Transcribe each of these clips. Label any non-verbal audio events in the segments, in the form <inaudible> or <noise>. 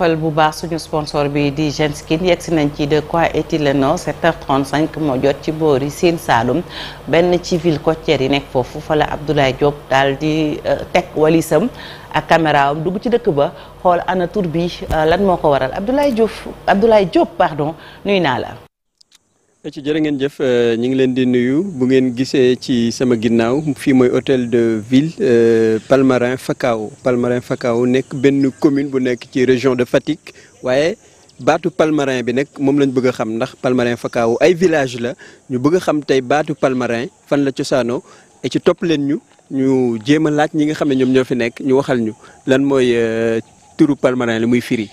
fal bu baax suñu sponsor bi di Genskin yegg si nañ ci de quoi est-il le nom 7 moo jot ci boori Sine Saalum benn ci ville côtière yi nekk foofu fala Abdoulaye Diop daal di euh, teg walisam ak caméra am dugg ci dëkk ba xool ana tur bi euh, lan moo ko waral Abdoulaye Diouf Abdoulaye Diop pardon nuy naa la. ci jërë ngeen jëf euh, ñu ngi leen di nuyu bu ngeen gisee ci sama ginnaaw fii mooy hôtel de ville euh, Palmarin Fakao Palmarin Fakao nekk benn commune bu nekk ci région de Fatick waaye baatu Palmarin bi nag moom lañ bëgg a xam ndax Palmarin Fakao ay village la ñu bëgg a xam tey baatu Palmarin fan la cosaanoo ci topp leen ñu ñu jéem a laaj ñi nga xam ne ñoom ñoo fi nekk ñu waxal ñu lan mooy euh, turu Palmarin li muy firi.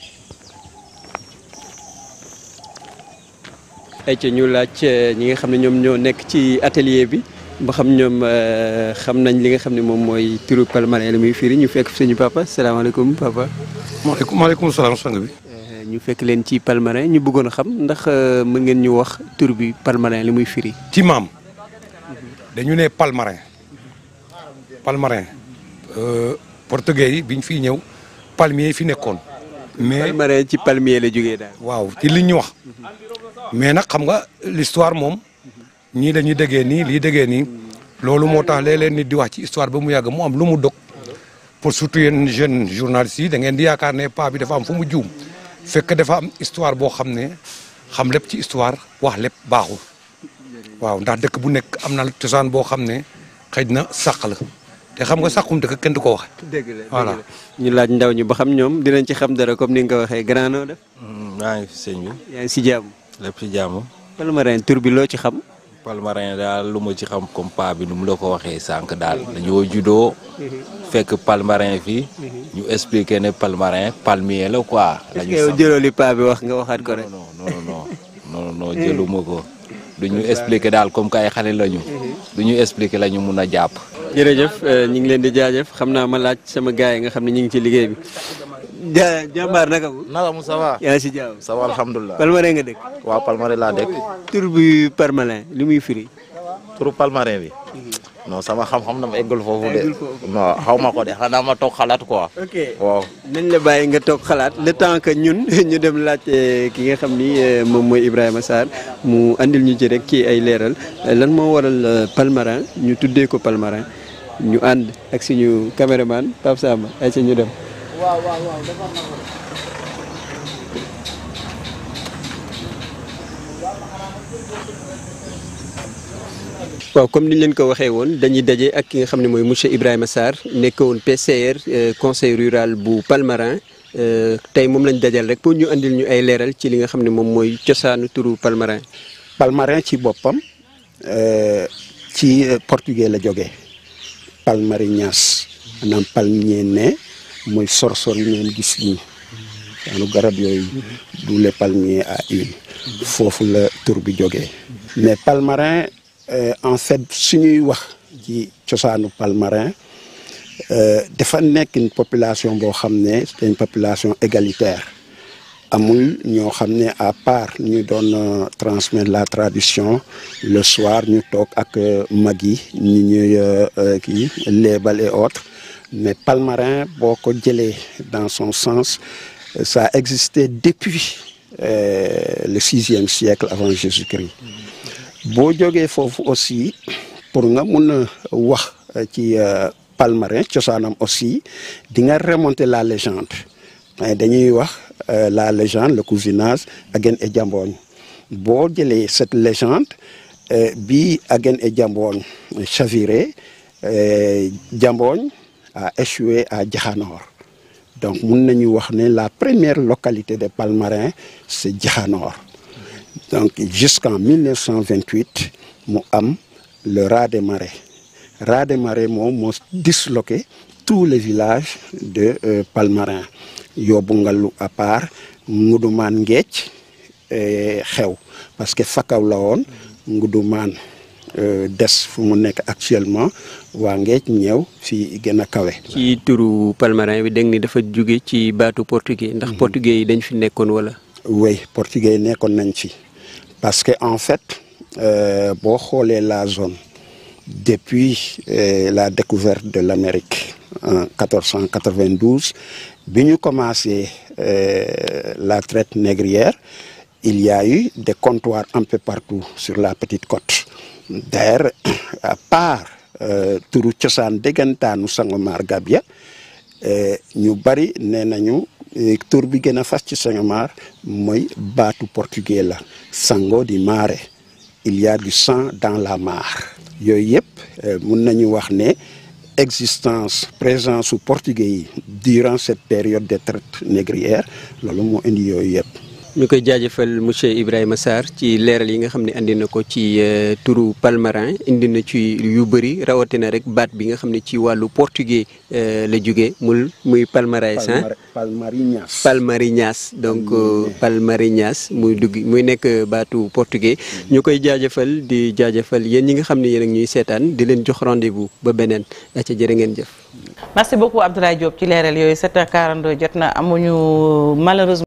ay ci ñu laaj eh, ñi nga xam ne ñoom ñoo nekk ci atelier bi ba xam ñoom eh, xam nañ li nga xam ne moom mooy turu palmarin la muy firi ñu fekk suñu papa salaamaaleykum papa. maaleykum maaleykum salaam sang bi. Eh, ñu fekk leen ci palmarin ñu bëggoon a xam ndax mën ngeen ñu wax tur bi palmarin li muy firi. ci maam dañu ne palmarin palmarin euh, portugais yi biñ fiy ñëw palmier yi fi nekkoon. mais palmarin ci palmier la jógee daal. waaw ci li ñu wax. mais nag xam nga l'histoire moom. ñii dañuy déggee nii lii déggee nii. loolu moo tax léeg leen nit di wax ci histoire ba mu yàgg mu am lu mu dog pour surtout yéen jeunes journalistes yi da ngeen di yaakaar ne paa bi dafa am fu mu juum fekk dafa am histoire boo xam ne xam lépp ci histoire wax lépp baaxul waaw ndax dëkk bu nekk am na cosaan boo xam ne xëj na sàq la. te xam nga saxum dëkk kenn du ko wax. dëgg la voilà ñu laaj ndaw ñi ba xam ñoom dinañ ci xam dara comme ni nga ko waxee grand noo def. Mm, maa ngi fi sëñ bi. yaa si jàmm. lépp jàmm. palmarin tur bi loo ci xam. palmarin daal lu ma ci xam comme paa bi nu mu la ko waxee sànq daal dañoo juddoo. fekk palmarin fii. ñu expliqué ne palmarin palmier la quoi. la ñu yow jëloo bi wax nga waxaat ko rek. non non non non non jëluma ko. du ñu expliqué daal comme que ay xale la ñu. Mm-hmm. du ñu expliqué la ñu mun a jàpp. jërëjëf euh, ñu ngi leen di jaajëf xam naa ma laaj sama gars yi nga xam ne ñu ngi ci liggéey bi. ja jàmbaar naka mu. naka mu ça va. Palmarin nga dëkk. waaw Palmarin laa dëkk. tur bi Palmarin li muy firi. turu Palmarin bi. Mhm. non sama xam-xam dama eggul foofu de. non xaw ma ko de xanaa ma toog xalaat ko waaw. nañ la bàyyi nga toog xalaat le temps que ñun <laughs> ñu dem laajte ki nga xam ni euh, moom mooy Ibrahima Sarr mu andil ñu ci rek ci ay leeral euh, lan moo waral euh, Palmarin ñu tuddee ko Palmarin ñu ànd ak suñu caméraman Pape Samba ay si ñu dem. waaw comme ni leen ko waxee woon dañuy daje ak ki nga xam ne mooy monsieur Ibrahima Sarr nekkoon PCR euh, conseil rural bu Palmarin euh, tey moom lañ dajal rek pour ñu andil ñu ay leeral ci li nga xam ne moom mooy cosaanu turu Palmarin. Palmarin ci boppam euh, ci portugais la jógee palmarinhas maanaam palmier ne mooy sorsor yi ngeen gis nii. daanu garab yooyu du les palmiers à huile foofu la tur bi jógee mais palmarin euh, en fait suñuy wax ji cosaanu palmarin euh, dafa nekk une population boo xam ne c'est une population égalitaire amul ñoo xam ne à part ñu doon euh, transmettre la tradition le soir ñu toog ak mag yi ñu ñuy kii léebal et autres mais palmarin boo ko jëlee dans son sens ça existait depuis euh, le sixième siècle avant Jésus-Christ boo jógee foofu aussi pour nga mun a wax ci euh, palmarin cosaanam aussi di nga remonter la légende dañuy wax euh, la légende le cousinage Aguène et Diambogne boo jëlee cette légende bi Aguène et Diambogne chaviré Diambogne a échoué à Diakhanor donc mun nañu wax ne la première localité de Palmarins c'est Diakhanor donc jusqu'en 1928 mu am le raz des marées raz des marées moom moo disloqué tous les villages de euh, Palmarin yóbbu ngalu à part Ngudumaan Ngeec euh, xew parce que Fakaw la woon Ngudumaan euh, des fu mu nekk actuellement waa Ngeej ñëw fi gën a kawe. ci turu Palmarin bi dégg ni dafa jóge ci baatu portugais ndax mhm. portugais yi dañ fi nekkoon wala. oui portugais yi nekkoon nañ ci parce que en fait euh, boo xoolee la zone depuis euh, la découverte de l' Amérique en 1492 bi ñu commencé euh, la traite négrière il y a eu des comptoirs un peu partout sur la petite cote d'ailleurs <clears throat> à part. Euh, turu cosaan déggantaanu Sangomar Gambia euh, ñu bari nee nañu euh, tur bi gën a fas ci Sangomar mooy baatu portugais la sango di mare il y du sang dans la mare yooyu yëpp mun nañu wax ne existence présence su portugais yi durant cette période de traite négrière loolu moo indi yooyu yëpp ñu koy jaajëfal monsieur Ibrahima Sarr ci leeral yi nga xam ne andi na ko ci euh, turu Palmarin indi na ci yu bëri rawatina rek baat bi nga xam ne ci wàllu portugais euh, la jóge mul muy Palmarin Palmariñas Palmariñas donc euh, mm-hmm. Palmariñas muy dugg muy nekk baatu portugais mm-hmm. ñu koy jaajëfal di jaajëfal yéen ñi nga xam ne yéen ak ñuy seetaan di leen jox rendez-vous ba beneen da jër jërë ngeen jëf merci beaucoup Abdoulaye Diop ci leeral yooyu 7 h jot na amuñu malheureusement